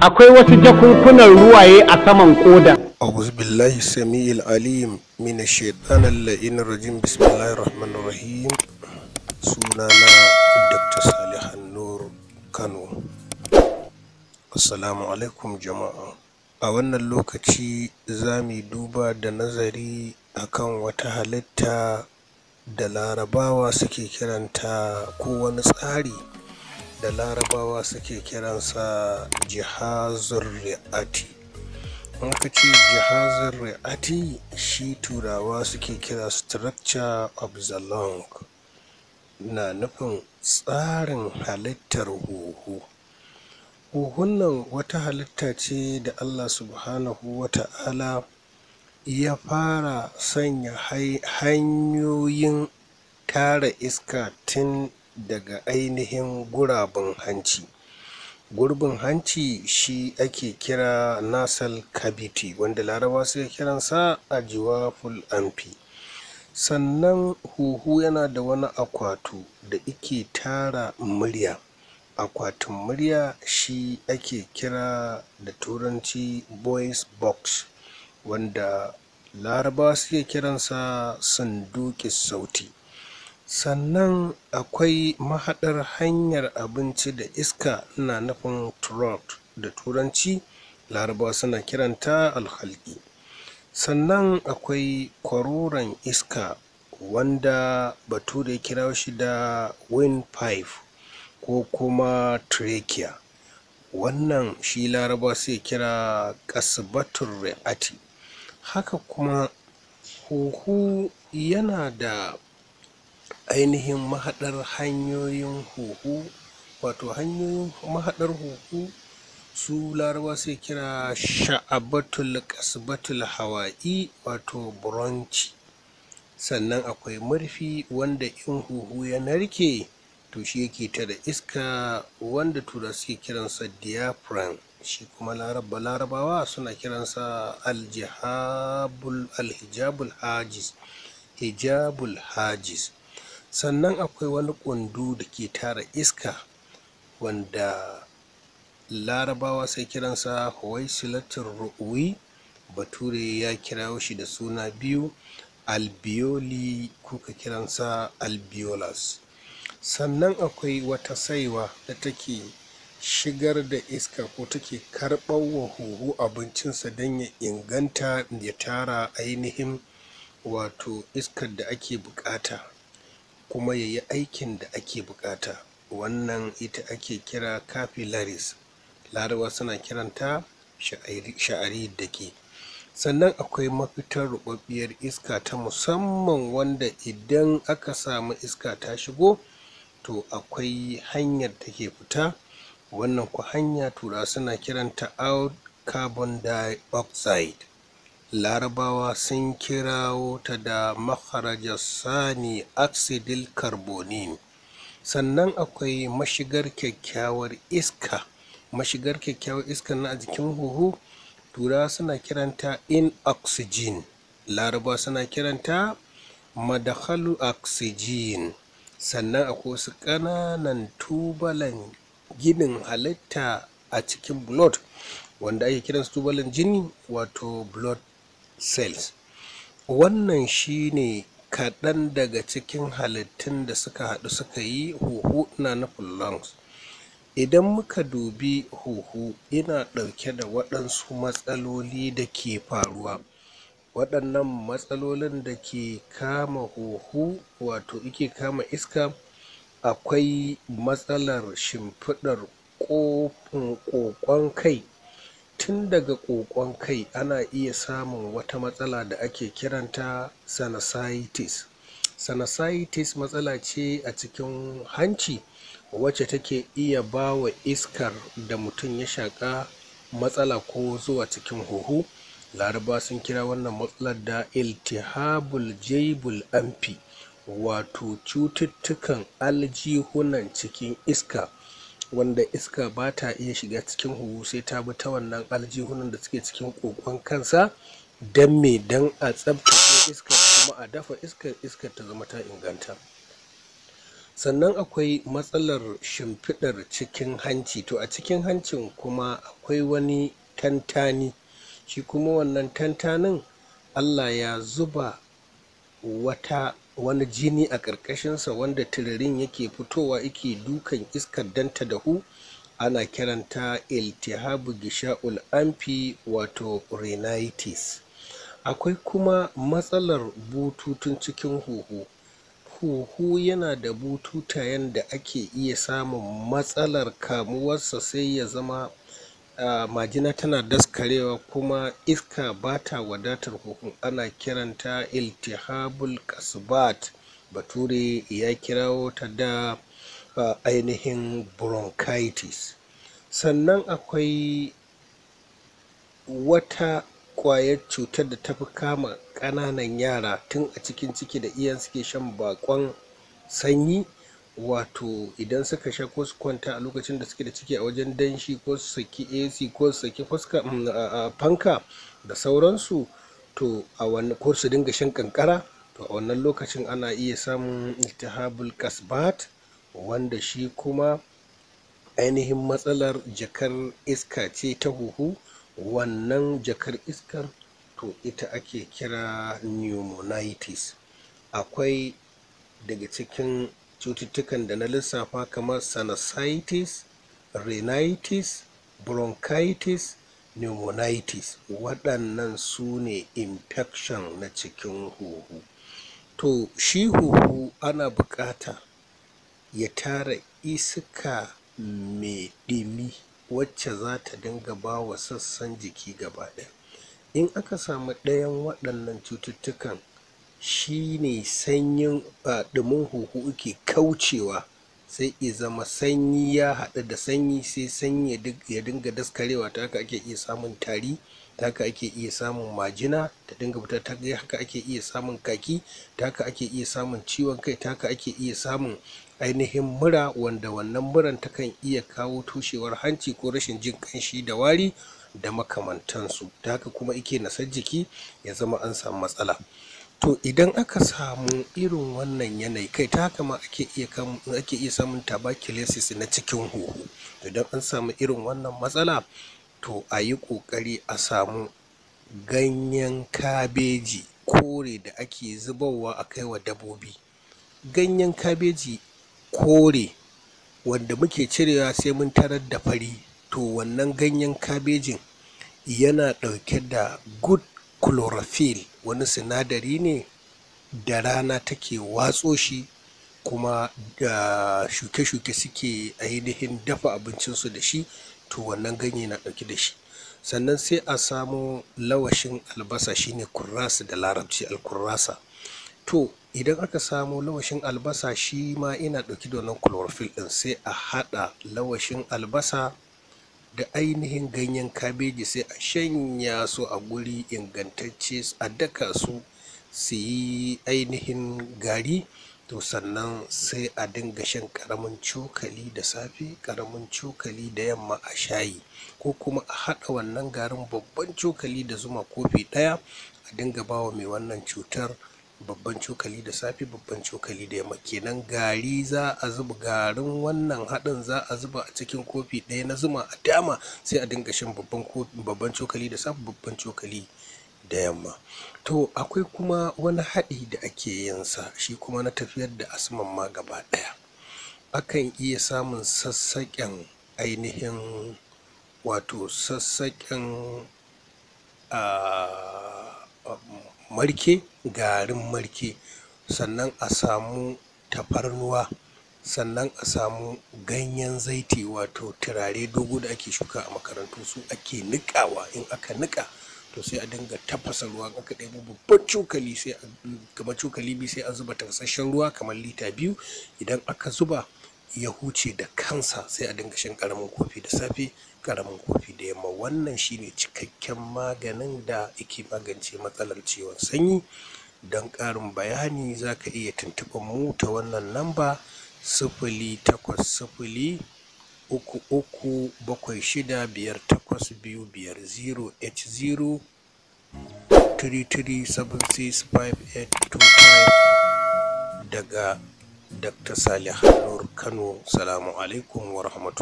akwai wasu jakunkunan ruwaye a saman koda أعوذ بالله السميع العليم من الشيطان اللعين الرجيم بسم الله الرحمن الرحيم سنانا صالح النور السلام عليكم جماعة a wannan lokaci za mu duba da nazari akan wata halitta da larabawa suke kiranta ko tsari da larabawa suke kiransa jihazur ri'ati in ka ce jihazur ri'ati shi turawa suke kira structure of the lung na nufin tsarin halittar huhu huhun nan wata halitta ce da allah subhanahu wa ta'ala ya fara sanya hanyoyin kare iska tun daga ainihin gurabun hanci gurbin hanci shi ake kira nasal cavity wanda laraba suke kiransa a jiwaful anfi sannan huhu yana da wani akwatu da ike tara murya akwatin murya shi ake kira da turanci voice box wanda laraba suke kiransa sanduki sauti sannan akwai mahaɗar hanyar abinci da iska ina nufin Trout da turanci larabawa suna kiranta alhalki sannan akwai kwaroron iska wanda bature kira shi da pipe ko kuma trachea wannan shi laraba sai kira kasbatun re'ati haka kuma huhu yana da ainihin mahaɗar hanyoyin huhu wato hanyoyin mahaɗar huhu su larabawa suke kira sha'abatul kasbatul hawa'i wato bronchi sannan akwai murfi wanda in huhu ya narke to shi yake ta da iska wanda tura suke kiransa diaphragm shi kuma laraba larabawa suna kiransa aljihabul alhijabul hijabul hajis sannan akwai wani kundu da ke tara iska wanda larabawa sai kiransa huwaisilatin ru'uwi bature ya kira shi da suna biyu albioli kuka kiransa albiolas sannan akwai wata saiwa da take shigar da iska ko take karɓar wa huhu abincinsa don ya inganta ya tara ainihin wato iskar da ake buƙata kuma ya yi aikin da ake bukata wannan ita ake kira capillaries Larawa suna kiranta sha'ari da ke sannan akwai mafitar rubabbiyar iska ta musamman wanda idan aka samu iska ta shigo to akwai hanyar ke fita wannan ku hanya tura suna kiranta out carbon dioxide larabawa sun kirawo ta da makharajar sani oxidil carbonin sannan akwai mashigar kyakkyawar iska mashigar kyakkyawar iska na a jikin huhu tura suna kiranta in oxygen laraba suna kiranta madakhalu oxygen sannan akwai wasu ƙananan tubalan ginin halitta a cikin blood wanda ake kiransu tubalan jini wato blood cells wannan shine kaɗan daga cikin halittun da suka haɗu suka yi huhu na nufin lungs idan muka dubi huhu yana dauke da waɗansu matsaloli da ke faruwa waɗannan matsalolin da ke kama huhu wato ike kama iska akwai matsalar shimfidar shimfiɗar ƙoƙon kai tun daga ƙoƙon kai ana iya samun wata matsala da ake kiranta sinusitis sinusitis matsala ce a cikin hanci wacce take iya ba wa iskar da mutum ya shaƙa matsala ko zuwa cikin huhu laraba sun kira wannan matsalar da iltihabul jaibul amfi wato cututtukan aljihunan cikin iska wanda iska ba ta iya shiga cikin huhu sai ta bi ta wannan aljihunan da suke cikin kokon kansa don me don a tsabtace iska kuma a dafa iskar iskar ta zama ta inganta sannan akwai matsalar shimfiɗar cikin hanci to a cikin hancin kuma akwai wani tantani shi kuma wannan tantanin allah ya zuba wata wani jini a ƙarƙashinsa wanda tiririn yake fitowa yake dukan iskar danta da hu ana kiranta iltihabu gisha'ul amfi wato rhinitis akwai kuma matsalar bututun cikin huhu huhu yana da bututayen da ake iya samun matsalar kamuwarsa sai ya zama majina tana daskarewa kuma iska ba ta wadatar huhun ana kiranta iltihabul kasbat bature ya kirawo ta da ainihin bronchitis sannan akwai wata kwayar cutar da ta fi kama kananan yara tun a cikin ciki da iyayen suke shan bakon sanyi wato idan suka sha ko su kwanta a lokacin da suke da ciki a wajen danshi ko su saki ac ko su saki mm, fanka da sauransu to a ko su dinga shan kankara to a wannan lokacin ana iya samun iltihabul kasbat wanda shi kuma ainihin matsalar jakar iska ce ta huhu wannan jakar iskar to ita ake kira pneumonitis akwai daga cikin cututtukan da na lissafa kamar sinusitis rhinitis bronchitis pneumonitis waɗannan su ne infection na cikin huhu to shi huhu ana buƙata ya tara iska mai ɗimi wacce za ta dinga ba wa sassan jiki gaba in aka samu ɗayan waɗannan cututtukan shi ne sanyin ba ɗumin huhu ke kaucewa sai ya zama sanyi ya haɗu da sanyi sai sanyi ya dinga daskarewa ta haka ake iya samun tari ta haka ake iya samun majina ta dinga fita ta haka ake iya samun kaki ta haka ake iya samun ciwon kai ta haka ake iya samun ainihin mura wanda wannan muran kan iya kawo toshewar hanci ko rashin jin kanshi da wari da makamantansu ta haka kuma ike nasar jiki ya zama an samu matsala To idan aka samu irin wannan yanayi kai ta haka ma ake iya kam ake iya samun tuberculosis na cikin huhu. Idan an samu irin wannan matsala to a yi ƙoƙari a samu ganyen kabeji kore da ake zubarwa a kai wa dabbobi. Ganyen kabeji kore wanda muke cirewa sai mun tarar da fari to wannan ganyen kabejin yana ɗauke da good chlorophyll wani sinadari ne da rana take watso shi kuma da shuke-shuke suke ainihin dafa abincinsu da shi to wannan ganye na ɗauki da shi sannan sai a samu lawashin albasa shine kurrasa da larabci alkurrasa to idan aka samu lawashin albasa shi ma ina ɗauki da wannan chlorophyll ɗin sai a haɗa lawashin albasa da ainihin ganyen kabeji sai a shanya su a guri ingantacce a daka su su yi ainihin gari to sannan sai a dinga shan karamin cokali da safe karamin cokali da yamma a shayi ko kuma a haɗa wannan garin babban cokali da zuma kofi ɗaya a dinga bawa mai wannan cutar babban cokali da safe babban cokali da yamma kenan gari za a zuba garin wannan haɗin za a zuba a cikin kofi ɗaya na zuma a dama sai a dinga shan babban cokali da safe babban cokali da yamma to akwai kuma wani haɗi da ake yin sa shi kuma na tafiyar da asman ma gaba ɗaya akan iya samun sassaƙen ainihin wato sassaƙen ah, marke garin marke sannan a samu tafarnuwa sannan a samu ganyen zaiti wato turare dogo da ake shuka a makarantu su ake niƙawa in aka niƙa to sai a dinga tafasa ruwa in aka ɗebo babban cokali sai kamar cokali biyu sai a zuba tafasasshen ruwa kamar lita biyu idan aka zuba ya huce da kansa sai a dinga shan karamin kofi da safe karamin kofi da yamma wannan shine cikakken maganin da yake magance matsalar ciwon sanyi don ƙarin bayani za ka iya tuntuɓar mu ta wannan lamba sifili takwas sifili uku uku bakwai shida biyar takwas biyu biyar zero h zero three three seven six five eight two five daga dr salih nur kano salamu alaikum wa